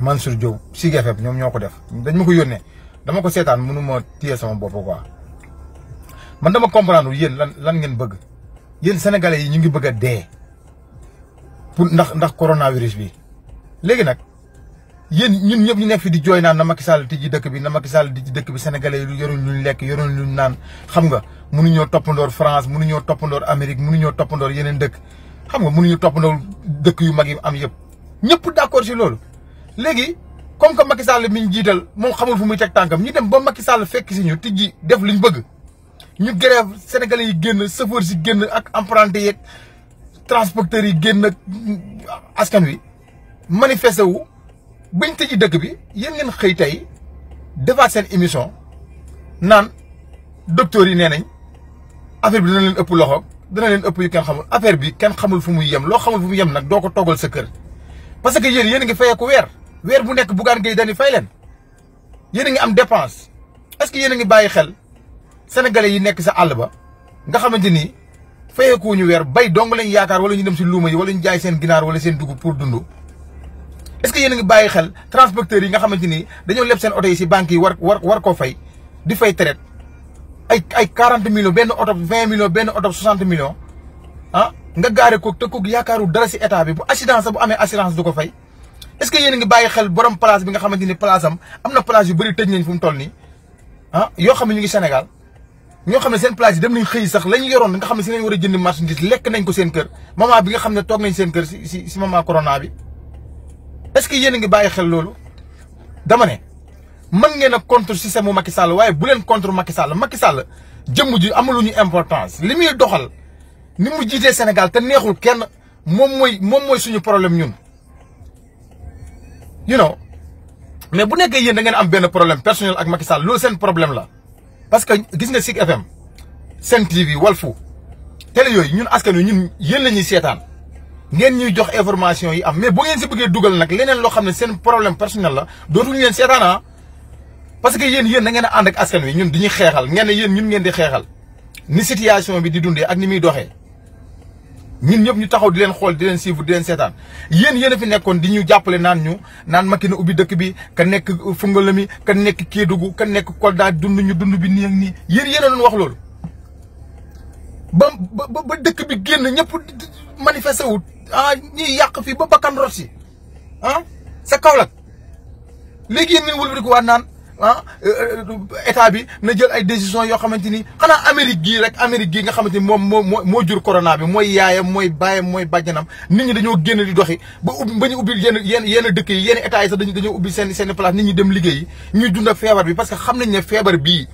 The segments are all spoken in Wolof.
Mansour Diop Sig FM ñoom ñoo ko def dañ ma ko yónnee dama ko seetaan mënu ma téye sama bopp quoi man dama comprendre yéen lan lan ngeen bëgg yéen sénégalais yi ñu ngi bëgg a dee pour ndax ndax coronavirus bi. léegi nag yéen ñun ñëpp ñu nekk fi di jooy na Macky Sall tijji dëkk bi na Macky Sall tijji dëkk bi sénégalais yi yoroon luñ lekk yoroon naan xam nga mënuñoo toppandoor France mënuñoo toppandoor Amérique mënuñoo toppandoor yeneen dëkk xam nga mënuñu toppandoor dëkk yu mag yi am yëpp ñëpp d'accord loolu. léegi comme que Macky Sall mi ñu jiital moom xamul fu muy teg tànkam ñu dem ba Macky Sall fekk si ñu tijji def li ñu bëgg ñu grève sénégalais yi génn chauffeur si génn ak apprenti yeeg transporteurs yi génn ak askan wi manifesté wu bañ tëji dëkk bi yéen ngeen xëy tey defaat seen émission naan docteurs yi nee nañ affaire bi dina leen ëpp loxo dana leen ëpp yu kenn xamul bi kenn xamul fu muy yem loo xamul fu mu yem nag doo ko toggal sa kër parce que yéen yéen a ngi fayee ku weer. weer bu nekk Bougane Gueye Dany fay leen yéen ngi am dépense est-ce que yéen a ngi bàyyi xel sénégalais yi nekk sa àll ba nga xamante ni fayeekoo ñu weer bay dong lañ yaakaar wala ñu dem si luuma yi wala ñu jaay seen ginaar wala seen dugub pour dund. est-ce que yéen ngi bàyyi xel transporteurs yi nga xamante ni dañoo leb seen oto yi si banque yi war war war koo fay di fay traite ay ay quarante millions benn oto vingt millions benn oto soixante million ah nga gaare ko te koog yaakaaru état bi bu assurance bu amee assurance du ko fay. est-ce que yéen ngi bàyyi xel borom place bi nga xamante ni place am am na place yu bëri tëj nañ fu mu toll nii ah yoo xam ne ñu ngi Sénégal ñoo xam ne seen place yi dem nañ xëy sax la ñu yoroon nga xam ne si lañ war a jënd marchandise lekk nañ ko seen kër moment bi nga xam ne toog nañ seen kër si si si moment corona bi est que yéen ngi bàyyi xel loolu dama ne man ngeen a contre système mu Macky Sall waaye bu leen contre Macky Sall Macky Sall jëmm ji amaluñu importance li muy doxal ni mu jiitee Sénégal te neexul kenn moom mooy moom mooy suñu problème ñun. you know mais bu nekkee yéen da ngeen am benn problème personnel ak Macky Sall loolu seen la parce que gis nga Zik FM Sen TV Walfu télé yooyu ñun askan wi ñun yéen la ñuy seetaan ngeen ñuy jox information yi am mais bu ngeen si bëggee dugal nag leneen loo xam ne seen problème personnel la dootuñu leen seetaan ah parce que yéen yéen da ngeen a ànd ak askan wi ñun diñuy xeexal ngeen ne yéen ñun ngeen di xeexal ni situation bi di dundee ak ni muy doxee ñun ñëpp ñu taxaw di leen xool dileen leen suivre di seetaan yéen yéen a fi nekkoon di ñu jàppale naan ñu naan makin na ubbi dëkk bi ka nekk Fungolemi ka nekk Kédougou ka nekk Kolda dund ñu dund bi nii ak nii yéen yéen a doon wax loolu. ba ba dëkk bi génn ñëpp manifesté wu ah ñiy yàq fii ba bakkan rot si ah sa Kaolack léegi yéen ngeen wëlbatiku waat naan. ah euh, état bi na jël ay décision yoo xamante ni xanaa Amérique gii rek Amérique gii nga xamante ni moom moo moo jur corona bi mooy yaayam mooy baayam mooy bàjjanam nit ñi dañoo génne di doxi ba ubbi ba ñu ubbi yenn yenn yenn dëkk yi yenn état yi sax dañu dañoo ubbi seen seen place nit ñi dem liggéeyi ñuy dund ak feebar bi parce que xam nañ ne feebar bii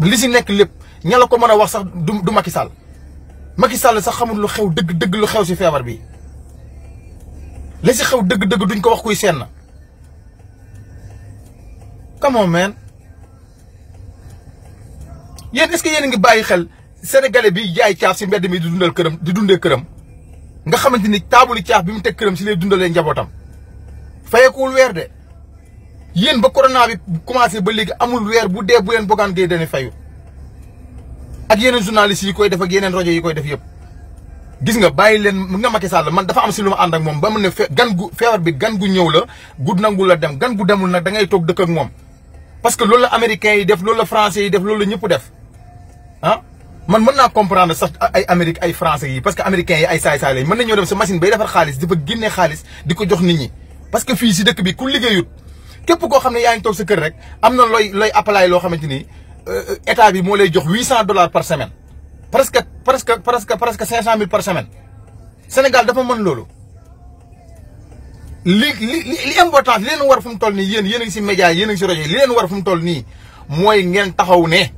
li si nekk lépp ña la ko man a wax sax du du Macky Sall Macky Sall sax xamul lu xew dëgg dëgg lu xew si feebar bi li si dëgg dëgg duñ ko wax kuy seen na come on man yéen est-ce que yéen a ngi bàyyi xel sénégalais bi jaay caaf si mbedd mi di dundal këram di dundee këram nga xamante ni taabuli caaf bi mu teg këram si lay dundalee njabootam fayekuwul weer de yéen ba corona bi commencé ba léegi amul weer bu dee bu leen bogaan gay fay fayu ak yeneen journalistes yi koy def ak yeneen rajo yi koy def yëpp gis nga bàyyi leen nga Macky Sall man dafa am si lu ma ànd moom ba mu ne gan gu feebar bi gan gu ñëw la gu nangu la dem gan gu demul nag da ngay toog dëkk moom parce que loolu la américains yi def loolu la français yi def loolu la ñëpp def ah man mën naa comprendre sax ay amerique ay français yi parce que américains yi ay saay-saay lañ mën nañoo dem sa machine bay defar xaalis di fa xaalis di ko jox nit ñi parce que fii si dëkk bi ku liggéeyut képp koo xam ne yaa ngi toog sa kër rek am na looy looy appalaay loo xamante ni euh, euh, état bi moo lay jox huit cent dollars par semaine presque presque presque presque cinq cent mille par semaine Sénégal dafa mën loolu li li important importance li leen war fu mu toll nii yéen yéen a si média yéen a ngi si rajo li leen war fu toll nii mooy ngeen taxaw ne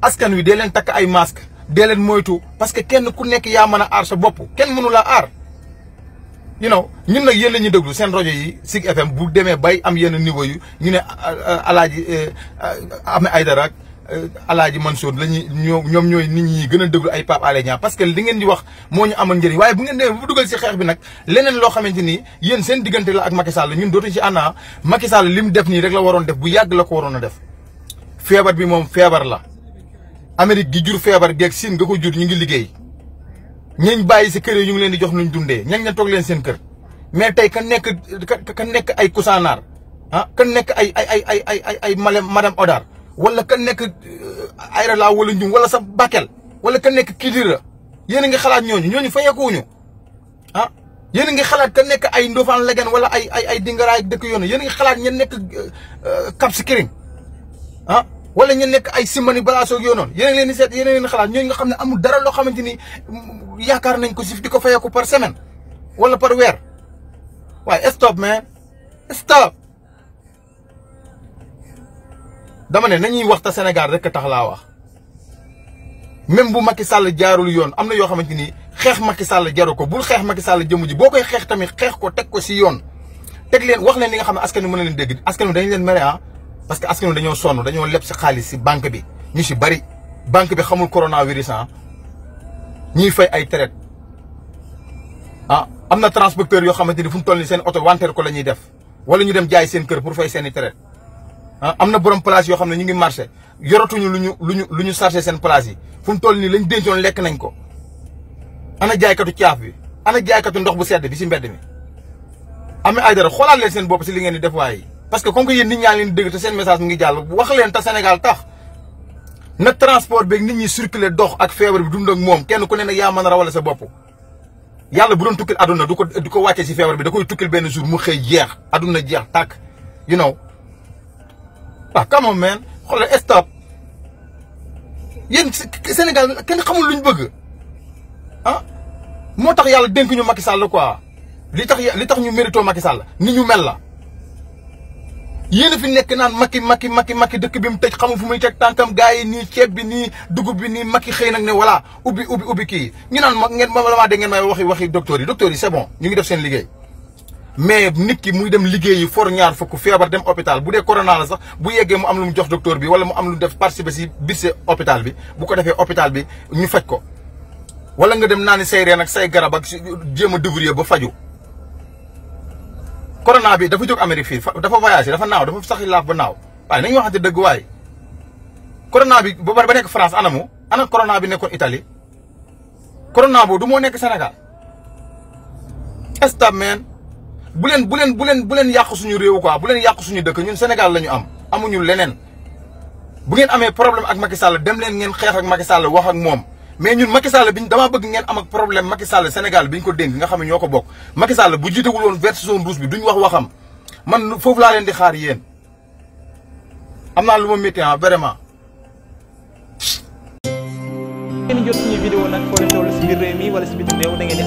askan wi dee leen takk ay masque dee leen moytu parce que kenn ku nekk yaa mën a aar sa bopp kenn mënu laa aar. you know ñun nag yéen la ñuy déglu seen rajo yi si FM bu demee bay am yenn niveau yi ñu ne euh, euh, Alaaji euh, Ahmed Aidara ak Euh, Alaaji Mansour la ñuy ñoom ñooy nit ñi gën a déglu ay Pape Alé Niang parce que li ngeen di wax moo ñu amal njëriñ waaye bu ngeen demee bu dugal si xeex bi nag leneen loo xamante ni yéen seen diggante la ak Macky Sall ñun dootuñ ci ana ah. Macky li mu def nii rek la waroon def bu yàgg la ko waroon a def feebar bi moom feebar la Amérique gi jur feebar geek Siin nga ko jur ñu ngi liggéey ñañ bàyyi si kër yi ñu ngi leen di jox ñu dundee ñañ ña toog leen seen kër mais tey ka nekk ka nekk ay kusaanaar ah ka nekk ay ay ay ay ay ay madame Odar wala kan nekk eh, Ayrala wala Ndioum wala sa Bakel wala ka nekk Kidira yéen a ngi xalaat ñooñu ñooñu fayekuwuñu ah yéen a ngi xalaat kan nekk ay Ndofane Legen wala ay ay ay Dingaraay dëkk yoonu yéen ngi xalaat ñen nekk eh, eh, Cap Skirring ah wala ñen nekk ay Simbani Balaso ak yoonoon yéen ngi leen seet yéen a leen xalaat ñooñu nga xam ne amul dara loo xamante ni yaakaar nañ ko si di ko fayeku par semaine wala par weer waaye stop man stop. dama ne nañuy wax te Sénégal rek tax laa wax même bu Macky Sall jaarul yoon am na yoo xamante ni xeex Macky Sall jaru ko bul xeex Macky Sall jëmu ji boo koy xeex tamit xeex ko teg ko si yoon. teg leen wax leen li nga xam ne askan wi mën na leen dégg askan wi dañ leen mere ah parce que askan wi dañoo sonn dañoo leb si bi ñu si bari banque bi xamul coronavirus ah ñuy fay ay traite ah am na transporteur yoo xamante ni fu mu toll seen oto wanteer ko la ñuy def wala ñu dem jaay seen kër pour fay seen i traite ah am na borom place yoo xam ne ñu ngi marché yoratuñu lu ñu lu ñu lu ñu chargé seen place yi fu mu toll nii lañ dencoon lekk nañ ko ana jaaykatu caaf bi ana jaaykatu ndox bu sedd bi si mbedd mi. Ahmed Aidara a leen seen bopp si li ngeen di def waaye parce que comme que ni nit ñaa leen dégg te seen message mu ngi jàll tax na transport beeg ni ñi circuler dox ak feebar bi dund ak moom kenn ku ne nag yaa mën a rawale sa bopp. yàlla bu doon tukkil àdduna du ko du ko wàccee si feebar bi da koy tukkil benn jour mu xëy jeex àdduna jeex tàkk you know waaw ah, come on man xoolal stop yéen Sénégal kenn xamul luñ bëgg ah moo tax yàlla dénk ñu Macky Sall ko li tax li tax ñu mérito Macky Sall ni ñu mel la. yéen fi nekk naan Macky Macky Macky Macky dëkk bi mu tëj xamul fu muy teg tànkam gars ceeb bi nii dugub bi nii Macky xëy nag ne voilà ubbi ubbi ubbi ñu naan ma ma de ngeen may waxi waxi docteur yi docteur yi ñu ngi def seen liggéey. mais nit ki muy dem liggéeyi for ñaar fukk feebar dem hôpital bu dee corona la sax bu yeggee mu am lu mu jox docteur bi wala mu am lu def participer si budget hôpital bi bu ko defee hôpital bi ñu faj ko. wala nga dem naani say reen ak say garab ak jéem a débrouiller ba faju corona bi dafa jóg Amérique fii dafa voyagé dafa naaw dafa sax laaf ba naaw waaye nañu waxante dëgg waaye. corona bi ba pare ba nekk France anamu ana corona bi nekkoon Italie corona du moo nekk Sénégal stop bu leen bu leen bu leen bu leen yàq suñu réew quoi bu leen yàq suñu dëkk ñun Sénégal la ñu am amuñu leneen bu ngeen amee problème ak Macky Sall dem leen ngeen xeex ak Macky wax ak moom mais ñun Macky Sall biñ damaa bëgg ngeen am ak problème Macky Sall Sénégal biñ ko dénk nga xam ne ñoo ko bokk Macky Sall bu jiitewul woon vert zone rouge bi duñ wax waxam man foofu laa leen di xaar yéen am naa lu ma métti ah, vraiment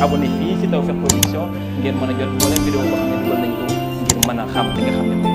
abonné fii ci Tawfekh Production ngeen mën a jot moo leen vidéo boo xam ne dugal nañ ko ngir mën a xam li nga xam ne